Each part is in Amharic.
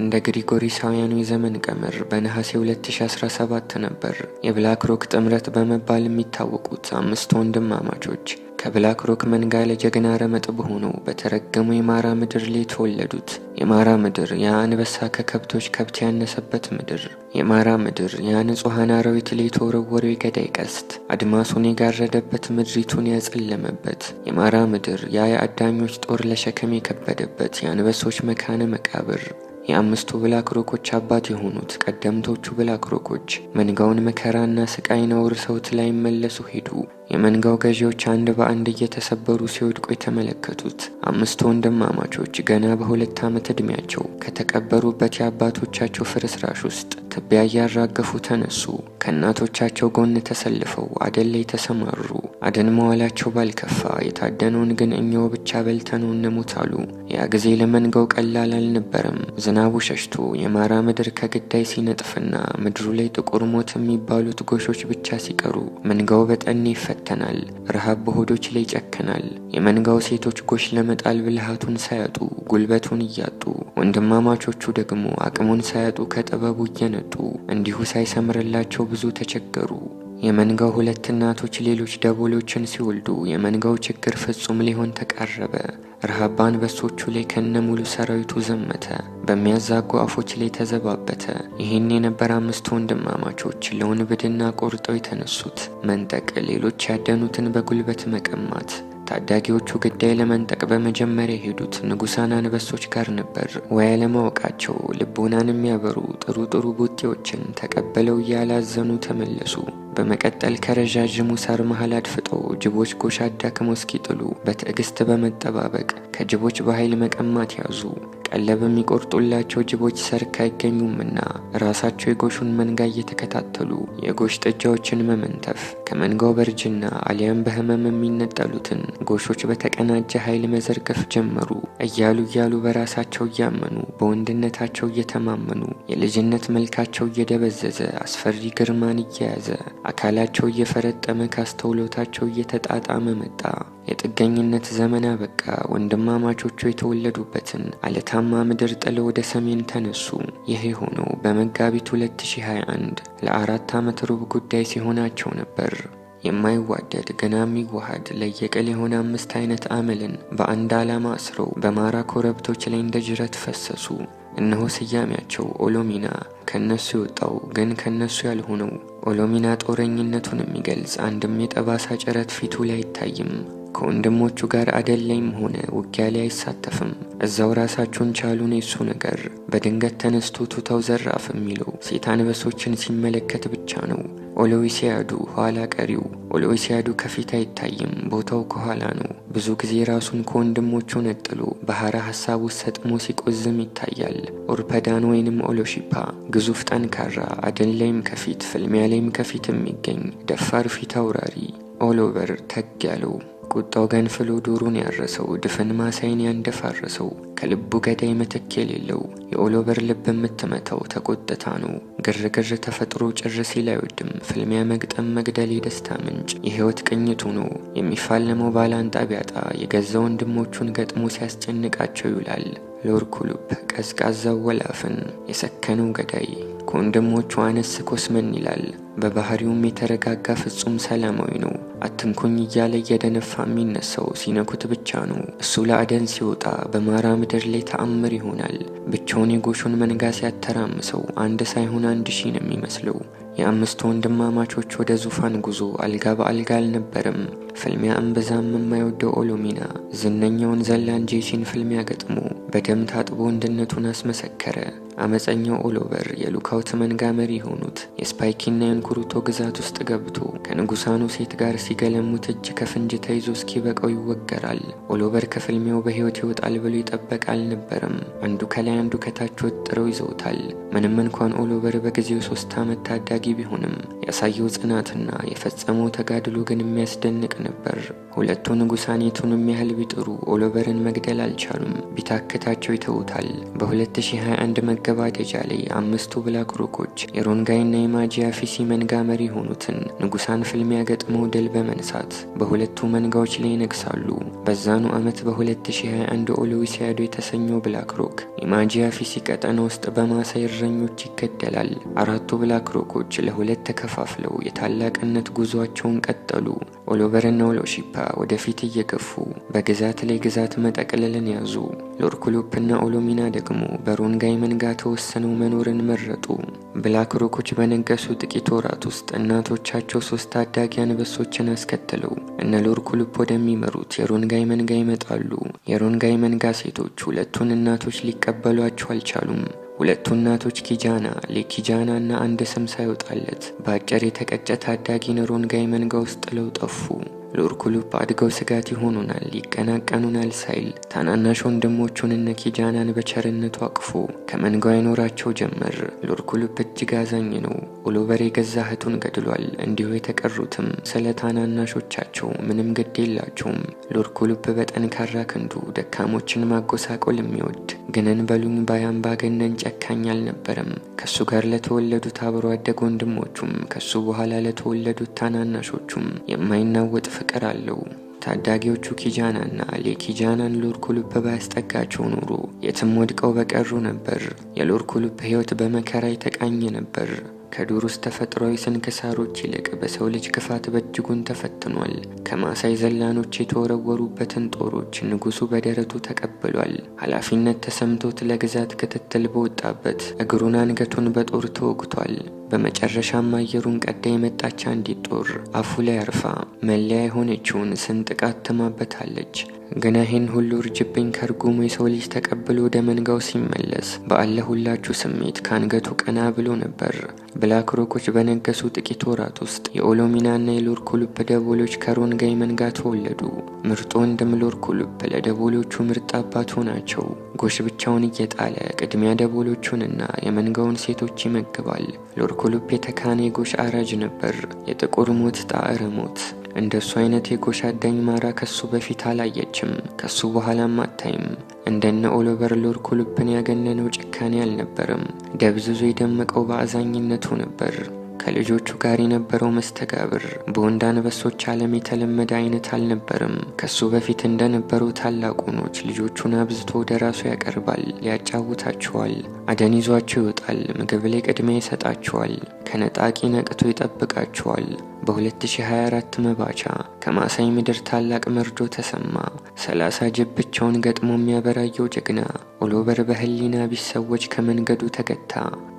እንደ ግሪጎሪሳውያኑ የዘመን ቀመር በነሐሴ 2017 ነበር የብላክ ሮክ ጥምረት በመባል የሚታወቁት አምስት ወንድማማቾች ከብላክ ሮክ መንጋ ለጀግና ረመጥብ ሆነው በተረገሙ የማራ ምድር ላይ የተወለዱት። የማራ ምድር የአንበሳ ከከብቶች ከብት ያነሰበት ምድር፣ የማራ ምድር የንጹሐን አራዊት ላይ የተወረወረው የገዳይ ቀስት አድማሱን የጋረደበት ምድሪቱን ያጸለመበት፣ የማራ ምድር ያ የአዳኞች ጦር ለሸክም የከበደበት የአንበሶች መካነ መቃብር የአምስቱ ብላክሮኮች አባት የሆኑት ቀደምቶቹ ብላክሮኮች መንጋውን መከራና ሰውት ላይ ላይመለሱ ሄዱ። የመንጋው ገዢዎች አንድ በአንድ እየተሰበሩ ሲወድቁ የተመለከቱት አምስቱ ወንድማማቾች ገና በሁለት ዓመት ዕድሜያቸው ከተቀበሩበት የአባቶቻቸው ፍርስራሽ ውስጥ ትቢያ እያራገፉ ተነሱ። ከእናቶቻቸው ጎን ተሰልፈው አደን ላይ ተሰማሩ። አደን መዋላቸው ባልከፋ፣ የታደነውን ግን እኛው ብቻ በልተነው እንሙት አሉ። ያ ጊዜ ለመንጋው ቀላል አልነበረም። ዝናቡ ሸሽቶ የማራ ምድር ከግዳይ ሲነጥፍና ምድሩ ላይ ጥቁር ሞት የሚባሉት ጎሾች ብቻ ሲቀሩ መንጋው በጠኔ ይፈ ይፈተናል። ረሃብ በሆዶች ላይ ይጨክናል። የመንጋው ሴቶች ጎሽ ለመጣል ብልሃቱን ሳያጡ ጉልበቱን እያጡ ወንድማማቾቹ ደግሞ አቅሙን ሳያጡ ከጥበቡ እየነጡ እንዲሁ ሳይሰምርላቸው ብዙ ተቸገሩ። የመንጋው ሁለት እናቶች ሌሎች ደቦሎችን ሲወልዱ የመንጋው ችግር ፍጹም ሊሆን ተቃረበ። ረሃብ በአንበሶቹ ላይ ከነ ሙሉ ሰራዊቱ ዘመተ። በሚያዛጉ አፎች ላይ ተዘባበተ። ይህን የነበር አምስቱ ወንድማማቾች ለውንብድና ቆርጠው የተነሱት መንጠቅ፣ ሌሎች ያደኑትን በጉልበት መቀማት። ታዳጊዎቹ ግዳይ ለመንጠቅ በመጀመሪያ የሄዱት ንጉሳን አንበሶች ጋር ነበር። ወይ ለማወቃቸው ልቦናን የሚያበሩ ጥሩ ጥሩ ቡጤዎችን ተቀበለው እያላዘኑ ተመለሱ። በመቀጠል ከረዣዥሙ ሳር መሃል አድፍጦ ጅቦች ጎሽ አዳክመው እስኪጥሉ በትዕግስት በመጠባበቅ ከጅቦች በኃይል መቀማት ያዙ። ቀለብ የሚቆርጡላቸው ጅቦች ሰርክ አይገኙምና ራሳቸው የጎሹን መንጋ እየተከታተሉ የጎሽ ጥጃዎችን መመንተፍ፣ ከመንጋው በእርጅና አሊያም በህመም የሚነጠሉትን ጎሾች በተቀናጀ ኃይል መዘርገፍ ጀመሩ። እያሉ እያሉ በራሳቸው እያመኑ በወንድነታቸው እየተማመኑ የልጅነት መልካቸው እየደበዘዘ አስፈሪ ግርማን እየያዘ አካላቸው እየፈረጠመ ካስተውሎታቸው እየተጣጣመ መጣ። የጥገኝነት ዘመን አበቃ። ወንድማማቾቹ የተወለዱበትን አለታማ ምድር ጥለው ወደ ሰሜን ተነሱ። ይህ የሆነው በመጋቢት 2021 ለአራት ዓመት ሩብ ጉዳይ ሲሆናቸው ነበር። የማይዋደድ ገና የሚዋሃድ ለየቅል የሆነ አምስት አይነት አመልን በአንድ ዓላማ አስረው በማራ ኮረብቶች ላይ እንደ ጅረት ፈሰሱ። እነሆ ስያሜያቸው ኦሎሚና ከነሱ የወጣው ግን ከነሱ ያልሆነው ኦሎሚና ጦረኝነቱን የሚገልጽ አንድም የጠባሳ ጭረት ፊቱ ላይ አይታይም። ከወንድሞቹ ጋር አደላይም ሆነ ውጊያ ላይ አይሳተፍም። እዛው ራሳቸውን ቻሉን። የሱ ነገር በድንገት ተነስቶ ቱታው ዘራፍ የሚለው ሴት አንበሶችን ሲመለከት ብቻ ነው። ኦሎዊሲያዱ ኋላ ቀሪው ኦሎዊሲያዱ ከፊት አይታይም፣ ቦታው ከኋላ ነው። ብዙ ጊዜ ራሱን ከወንድሞቹ ነጥሎ ባህረ ሀሳብ ውስጥ ሰጥሞ ሲቆዝም ይታያል። ኦርፐዳን ወይንም ኦሎሺፓ ግዙፍ ጠንካራ፣ አደን ላይም ከፊት ፍልሚያ ላይም ከፊት የሚገኝ ደፋር ፊት አውራሪ ኦሎቨር ተግ ያለው ቁጣው ገንፍሎ ዱሩን ያረሰው ድፍን ማሳይን ያንደፋረሰው ከልቡ ገዳይ ምትክ የሌለው የኦሎበር ልብ የምትመታው ተቆጥታ ነው። ግርግር ተፈጥሮ ጭር ሲል አይወድም ፍልሚያ፣ መግጠም፣ መግደል የደስታ ምንጭ የህይወት ቅኝቱ ነው። የሚፋለመው ባላንጣ ቢያጣ የገዛ ወንድሞቹን ገጥሞ ሲያስጨንቃቸው ይውላል። ሎርኩሉብ ሉፕ ቀዝቃዛው ወላፍን የሰከነው ገዳይ ከወንድሞቹ አነስ ኮስመን ይላል። በባህሪውም የተረጋጋ ፍጹም ሰላማዊ ነው። አትንኩኝ እያለ እየደነፋ የሚነሳው ሲነኩት ብቻ ነው። እሱ ለአደን ሲወጣ በማራ ምድር ላይ ተአምር ይሆናል። ብቻውን የጎሹን መንጋ ሲያተራምሰው አንድ ሳይሆን አንድ ሺህ ነው የሚመስለው። የአምስት ወንድማማቾች ወደ ዙፋን ጉዞ አልጋ በአልጋ አልነበረም። ፍልሚያ እምብዛም የማይወደው ኦሎሚና ዝነኛውን ዘላን ጄሲን ፍልሚያ ገጥሞ በደም ታጥቦ ወንድነቱን አስመሰከረ። አመፀኛው ኦሎበር የሉካውት መንጋ መሪ የሆኑት የስፓይኪና የንኩሩቶ ግዛት ውስጥ ገብቶ ከንጉሳኑ ሴት ጋር ሲገለሙት እጅ ከፍንጅ ተይዞ እስኪበቀው ይወገራል። ኦሎበር ከፍልሚያው በሕይወት ይወጣል ብሎ ይጠበቅ አልነበረም። አንዱ ከላይ አንዱ ከታች ወጥረው ይዘውታል። ምንም እንኳን ኦሎበር በጊዜው ሶስት ዓመት ታዳጊ ቢሆንም ያሳየው ጽናትና የፈጸመው ተጋድሎ ግን የሚያስደንቅ ነበር። ንጉሳን ጉሳኔቱንም ያህል ቢጥሩ ኦሎበርን መግደል አልቻሉም። ቢታክታቸው ይተውታል። በ2021 መገባደጃ ላይ አምስቱ ብላክሮኮች የሮንጋይና የማጂያ ፊሲ መንጋ መሪ የሆኑትን ንጉሳን ፍልሚያ ገጥመው ድል በመንሳት በሁለቱ መንጋዎች ላይ ይነግሳሉ። በዛኑ ዓመት በ2021 ኦሎዊሲያዶ የተሰኘው ብላክሮክ የማጂያ ፊሲ ቀጠና ውስጥ በማሳይ እረኞች ይገደላል። አራቱ ብላክሮኮች ለሁለት ተከፋፍለው የታላቅነት ጉዟቸውን ቀጠሉ። ኦሎቨርና ኦሎሺፓ ወደፊት እየገፉ በግዛት ላይ ግዛት መጠቅለልን ያዙ። ሎርኩሎፕና ኦሎሚና ደግሞ በሮንጋይ መንጋ ተወሰነው መኖርን መረጡ። ብላክ ሮኮች በነገሱ ጥቂት ወራት ውስጥ እናቶቻቸው ሶስት ታዳጊ አንበሶችን አስከትለው እነ ሎርኩሉፕ ወደሚመሩት የሮንጋይ መንጋ ይመጣሉ። የሮንጋይ መንጋ ሴቶች ሁለቱን እናቶች ሊቀበሏቸው አልቻሉም። ሁለቱ እናቶች ኪጃና ለኪጃና እና አንድ ስም ሳይወጣለት በአጭር የተቀጨ ታዳጊ ጋይ መንጋ ውስጥ ጥለው ጠፉ። ለኡርኩሉፕ አድገው ስጋት ይሆኑናል፣ ይቀናቀኑናል ሳይል ታናናሽ ወንድሞቹን እነ ኪጃናን በቸርነቱ አቅፎ ከመንጋው አይኖራቸው ጀመር። ለኡርኩሉፕ እጅግ አዛኝ ነው። ኦሎበር የገዛ እህቱን ገድሏል። እንዲሁ የተቀሩትም ስለ ታናናሾቻቸው ምንም ግድ የላቸውም። ለኡርኩሉፕ በጠንካራ ክንዱ ደካሞችን ማጎሳቆል የሚወድ ግንን በሉኝ ባይ አምባገነን ጨካኝ አልነበረም። ከሱ ጋር ለተወለዱት አብሮ አደግ ወንድሞቹም ከሱ በኋላ ለተወለዱት ታናናሾቹም የማይናወጥ ፍቅር አለው። ታዳጊዎቹ ኪጃናና ሌኪጃናን ሎርኩሉፕ ባያስጠጋቸው ኑሮ የትም ወድቀው በቀሩ ነበር። የሎርኩሉፕ ሕይወት በመከራ የተቃኘ ነበር። ከዱር ውስጥ ተፈጥሯዊ ስንክሳሮች ይልቅ በሰው ልጅ ክፋት በእጅጉን ተፈትኗል። ከማሳይ ዘላኖች የተወረወሩበትን ጦሮች ንጉሱ በደረቱ ተቀብሏል። ኃላፊነት ተሰምቶት ለግዛት ክትትል በወጣበት እግሩን አንገቱን በጦር ተወግቷል። በመጨረሻም አየሩን ቀዳ የመጣች አንዲት ጦር አፉ ላይ አርፋ መለያ የሆነችውን ስንጥቃት ትማበታለች። ግና ይህን ሁሉ እርጅብኝ ከርጉሙ የሰው ልጅ ተቀብሎ ወደ መንጋው ሲመለስ በአለሁላችሁ ስሜት ከአንገቱ ቀና ብሎ ነበር። ብላክሮኮች በነገሱ ጥቂት ወራት ውስጥ የኦሎሚናና የሎር ኩሉፕ ደቦሎች ከሮንጋይ መንጋ ተወለዱ። ምርጡ ወንድም ሎር ኩሉፕ ለደቦሎቹ ምርጥ አባቱ ሆናቸው። ጎሽ ብቻውን እየጣለ ቅድሚያ ደቦሎቹንና የመንጋውን ሴቶች ይመግባል። ሎር ኩሉፕ የተካነ የጎሽ አራጅ ነበር። የጥቁር ሞት ጣዕረ ሞት እንደሱ አይነት የጎሻ አዳኝ ማራ ከሱ በፊት አላየችም፣ ከሱ በኋላም አታይም። እንደነ ኦሎቨር ሎር ኩልብን ያገነነው ጭካኔ አልነበርም። ደብዝዞ የደመቀው በአዛኝነቱ ነበር። ከልጆቹ ጋር የነበረው መስተጋብር በወንድ አንበሶች ዓለም የተለመደ አይነት አልነበርም። ከሱ በፊት እንደነበሩ ታላቁኖች ልጆቹን አብዝቶ ወደ ራሱ ያቀርባል፣ ያጫውታቸዋል፣ አደን ይዟቸው ይወጣል፣ ምግብ ላይ ቅድሚያ ይሰጣቸዋል፣ ከነጣቂ ነቅቶ ይጠብቃቸዋል። በ2024 መባቻ ከማሳይ ምድር ታላቅ መርዶ ተሰማ። ሰላሳ ጀብቻውን ብቻውን ገጥሞ የሚያበራየው ጀግና ኦሎበር በህሊና ቢስ ሰዎች ከመንገዱ ተገታ።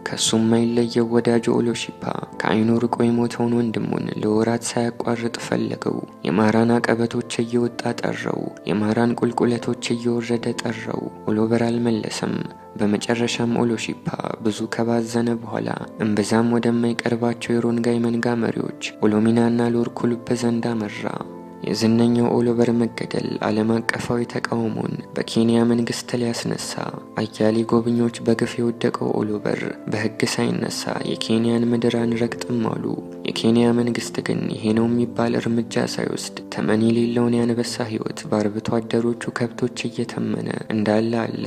ከሱም ማይለየው ወዳጁ ኦሎሺፓ ከአይኑ ርቆ የሞተውን ወንድሙን ለወራት ሳያቋርጥ ፈለገው። የማራን አቀበቶች እየወጣ ጠራው። የማራን ቁልቁለቶች እየወረደ ጠራው። ኦሎበር አልመለሰም። በመጨረሻም ኦሎሺፓ ብዙ ከባዘነ በኋላ እምብዛም ወደማይቀርባቸው የሮንጋይ መንጋ መሪዎች ኦሎሚናና ሎርኩሉበ ዘንድ አመራ። የዝነኛው ኦሎበር መገደል ዓለም አቀፋዊ ተቃውሞን በኬንያ መንግስት ሊያስነሳ፣ አያሌ ጎብኚዎች በግፍ የወደቀው ኦሎበር በሕግ ሳይነሳ የኬንያን ምድር አንረግጥም አሉ። የኬንያ መንግስት ግን ይሄ ነው የሚባል እርምጃ ሳይወስድ ተመን የሌለውን የአንበሳ ሕይወት በአርብቶ አደሮቹ ከብቶች እየተመነ እንዳለ አለ።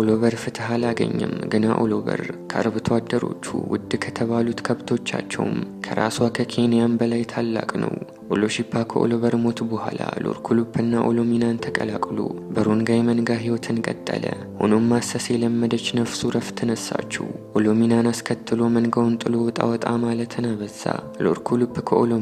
ኦሎቨር ፍትህ አላገኘም። ግና ኦሎቨር ከአርብቶ አደሮቹ ውድ ከተባሉት ከብቶቻቸውም ከራሷ ከኬንያም በላይ ታላቅ ነው። ኦሎሺፓ ከኦሎ በርሞት በኋላ ሎር ኦሎ ሚናን ተቀላቅሎ በሮንጋይ መንጋ ህይወትን ቀጠለ። ሆኖም ማሰስ የለመደች ነፍሱ ረፍት ነሳችው። ኦሎሚናን አስከትሎ መንጋውን ጥሎ ወጣ ወጣ ማለትን አበዛ። ሎር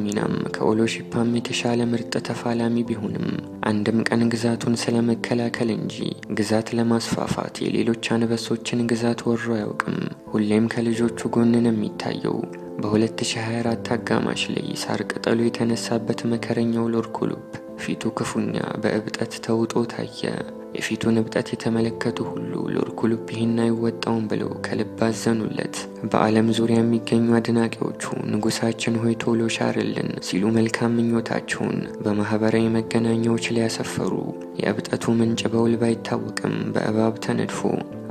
ሚናም ከኦሎ ከኦሎሺፓም የተሻለ ምርጥ ተፋላሚ ቢሆንም አንድም ቀን ግዛቱን ስለመከላከል እንጂ ግዛት ለማስፋፋት የሌሎች አንበሶችን ግዛት ወሮ አያውቅም። ሁሌም ከልጆቹ ጎን ነው የሚታየው። በ2024 አጋማሽ ላይ ሳር ቅጠሉ የተነሳበት መከረኛው ሎርኩሉፕ ፊቱ ክፉኛ በእብጠት ተውጦ ታየ። የፊቱን እብጠት የተመለከቱ ሁሉ ሎርኩሉፕ ይህን አይወጣውም ብለው ከልብ አዘኑለት። በዓለም ዙሪያ የሚገኙ አድናቂዎቹ ንጉሳችን ሆይ ቶሎ ሻርልን ሲሉ መልካም ምኞታቸውን በማህበራዊ መገናኛዎች ላይ ያሰፈሩ። የእብጠቱ ምንጭ በውል ባይታወቅም በእባብ ተነድፎ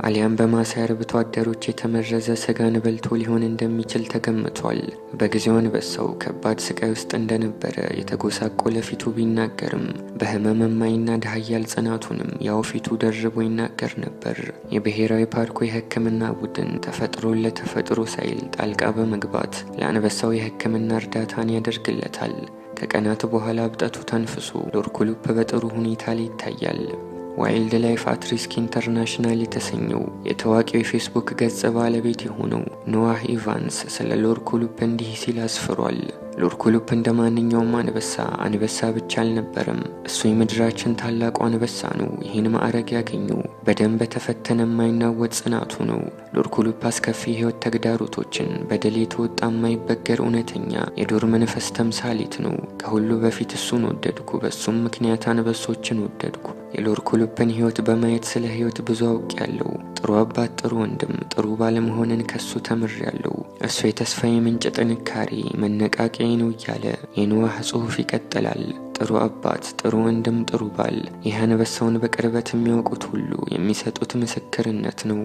አሊያም በማሳያ አርብቶ አደሮች የተመረዘ ስጋን በልቶ ሊሆን እንደሚችል ተገምቷል። በጊዜው አንበሳው ከባድ ስቃይ ውስጥ እንደነበረ የተጎሳቆለ ፊቱ ቢናገርም በህመም ማይና ድሃያል ጽናቱንም ያው ፊቱ ደርቦ ይናገር ነበር። የብሔራዊ ፓርኩ የሕክምና ቡድን ተፈጥሮን ለተፈጥሮ ሳይል ጣልቃ በመግባት ለአንበሳው የህክምና እርዳታን ያደርግለታል። ከቀናት በኋላ እብጠቱ ተንፍሶ ዶርኩሉፕ በጥሩ ሁኔታ ላይ ይታያል። ዋይልድ ላይፍ አትሪስክ ኢንተርናሽናል የተሰኘው የታዋቂው የፌስቡክ ገጽ ባለቤት የሆነው ኖዋህ ኢቫንስ ስለ ሎር ኩሉፕ እንዲህ ሲል አስፍሯል። ሎርኮሎፕ እንደ ማንኛውም አንበሳ አንበሳ ብቻ አልነበረም። እሱ የምድራችን ታላቁ አንበሳ ነው። ይህን ማዕረግ ያገኘው በደም በተፈተነ የማይናወጥ ጽናቱ ነው። ሎርኮሎፕ አስከፊ የህይወት ተግዳሮቶችን በደል የተወጣ የማይበገር እውነተኛ የዱር መንፈስ ተምሳሌት ነው። ከሁሉ በፊት እሱን ወደድኩ። በእሱም ምክንያት አንበሶችን ወደድኩ። የሎርኮሎፕን ህይወት በማየት ስለ ህይወት ብዙ አውቅ ያለው ጥሩ አባት፣ ጥሩ ወንድም፣ ጥሩ ባለመሆንን ከሱ ተምር ያለው እሱ የተስፋ ምንጭ ጥንካሬ መነቃቂያ ነው እያለ የኖህ ጽሑፍ ይቀጥላል። ጥሩ አባት፣ ጥሩ ወንድም፣ ጥሩ ባል ይህ አንበሳውን በቅርበት የሚያውቁት ሁሉ የሚሰጡት ምስክርነት ነው።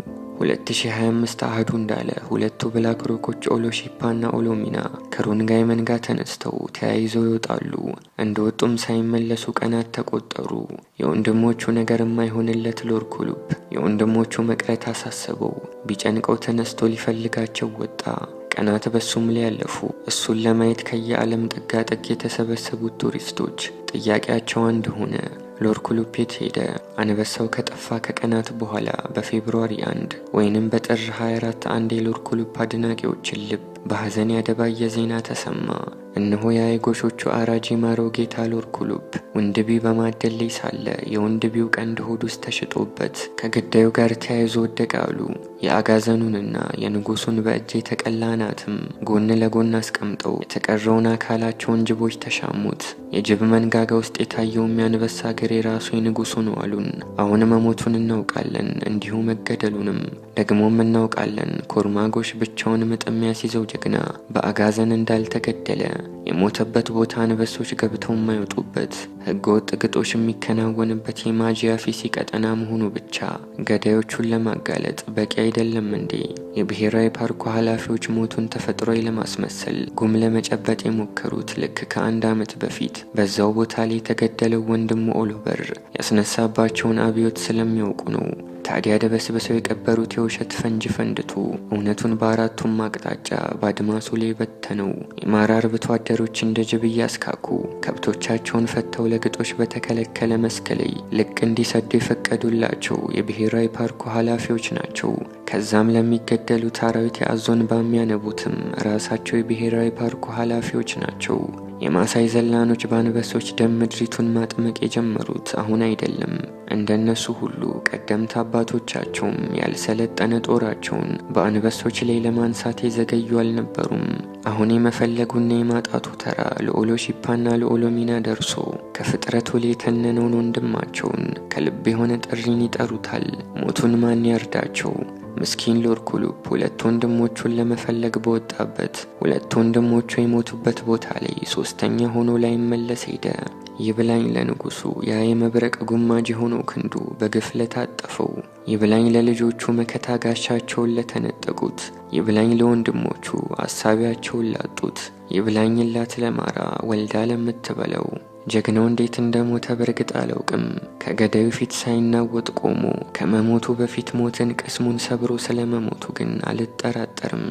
2025 አህዱ እንዳለ ሁለቱ ብላክሮኮች ኦሎሺፓና ኦሎሚና ከሩንጋይመን ጋር ተነስተው ተያይዘው ይወጣሉ። እንደወጡም ሳይመለሱ ቀናት ተቆጠሩ። የወንድሞቹ ነገር የማይሆንለት ሎር ኩሉብ የወንድሞቹ መቅረት አሳሰበው። ቢጨንቀው ተነስቶ ሊፈልጋቸው ወጣ። ቀናት በሱም ላይ ያለፉ። እሱን ለማየት ከየዓለም ጥጋ ጥግ የተሰበሰቡት ቱሪስቶች ጥያቄያቸው አንድ ሆነ። ሎርኩሉፔት ሄደ። አንበሳው ከጠፋ ከቀናት በኋላ በፌብርዋሪ 1 ወይንም በጥር 24 አንድ የሎርኩሉፕ አድናቂዎችን ልብ በሐዘን ያደባየ ዜና ተሰማ። እነሆ የአይጎሾቹ አራጂ ማሮጌ ታሎር ኩሉብ ወንድቢው በማደል ላይ ሳለ የወንድቢው ቀንድ ሆድ ውስጥ ተሽጦበት ከግዳዩ ጋር ተያይዞ ወደቀ አሉ። የአጋዘኑንና የንጉሱን በእጅ የተቀላ ናትም ጎን ለጎን አስቀምጠው የተቀረውን አካላቸውን ጅቦች ተሻሙት። የጅብ መንጋጋ ውስጥ የታየው የሚያንበሳ እግር የራሱ የንጉሱ ነው አሉን። አሁን መሞቱን እናውቃለን፣ እንዲሁ መገደሉንም ደግሞም እናውቃለን። ኮርማጎሽ ብቻውን ምጥሚያ ሲዘው ጀግና በአጋዘን እንዳልተገደለ የሞተበት ቦታ አንበሶች ገብተው የማይወጡበት ህገወጥ ግጦሽ የሚከናወንበት የማጂያ ፊሲ ቀጠና መሆኑ ብቻ ገዳዮቹን ለማጋለጥ በቂ አይደለም እንዴ? የብሔራዊ ፓርኩ ኃላፊዎች ሞቱን ተፈጥሯዊ ለማስመሰል ጉም ለመጨበጥ የሞከሩት ልክ ከአንድ ዓመት በፊት በዛው ቦታ ላይ የተገደለው ወንድሙ ኦሎበር ያስነሳባቸውን አብዮት ስለሚያውቁ ነው። ታዲያ ደበስበሰው የቀበሩት የውሸት ፈንጅ ፈንድቶ እውነቱን በአራቱም አቅጣጫ በአድማሱ ላይ በተነው። የማር አርብቶ አደሮች እንደ ጅብ እያስካኩ ከብቶቻቸውን ፈተው ለግጦሽ በተከለከለ መስክ ላይ ልቅ እንዲሰዱ የፈቀዱላቸው የብሔራዊ ፓርኩ ኃላፊዎች ናቸው። ከዛም ለሚገደሉት አራዊት የአዞን ባሚያነቡትም ራሳቸው የብሔራዊ ፓርኩ ኃላፊዎች ናቸው። የማሳይ ዘላኖች በአንበሶች ደም ምድሪቱን ማጥመቅ የጀመሩት አሁን አይደለም። እንደነሱ ሁሉ ቀደምት አባቶቻቸውም ያልሰለጠነ ጦራቸውን በአንበሶች ላይ ለማንሳት የዘገዩ አልነበሩም። አሁን የመፈለጉና የማጣቱ ተራ ልዑሎ ሺፓና ልዑሎ ሚና ደርሶ ከፍጥረት ወል የተነነውን ወንድማቸውን ከልብ የሆነ ጥሪን ይጠሩታል። ሞቱን ማን ያርዳቸው? ምስኪን ሎርኩሉብ ሁለት ወንድሞቹን ለመፈለግ በወጣበት ሁለት ወንድሞቹ የሞቱበት ቦታ ላይ ሶስተኛ ሆኖ ላይመለስ ሄደ። ይብላኝ ለንጉሱ ያ የመብረቅ ጉማጅ የሆነው ክንዱ በግፍ ለታጠፈው፣ ይብላኝ ለልጆቹ መከታ ጋሻቸውን ለተነጠቁት፣ ይብላኝ ለወንድሞቹ አሳቢያቸውን ላጡት፣ ይብላኝላት ለማራ ወልዳ ለምትበለው ጀግናው እንዴት እንደሞተ በርግጥ አላውቅም። ከገዳዩ ፊት ሳይናወጥ ቆሞ ከመሞቱ በፊት ሞትን ቅስሙን ሰብሮ ስለመሞቱ ግን አልጠራጠርም።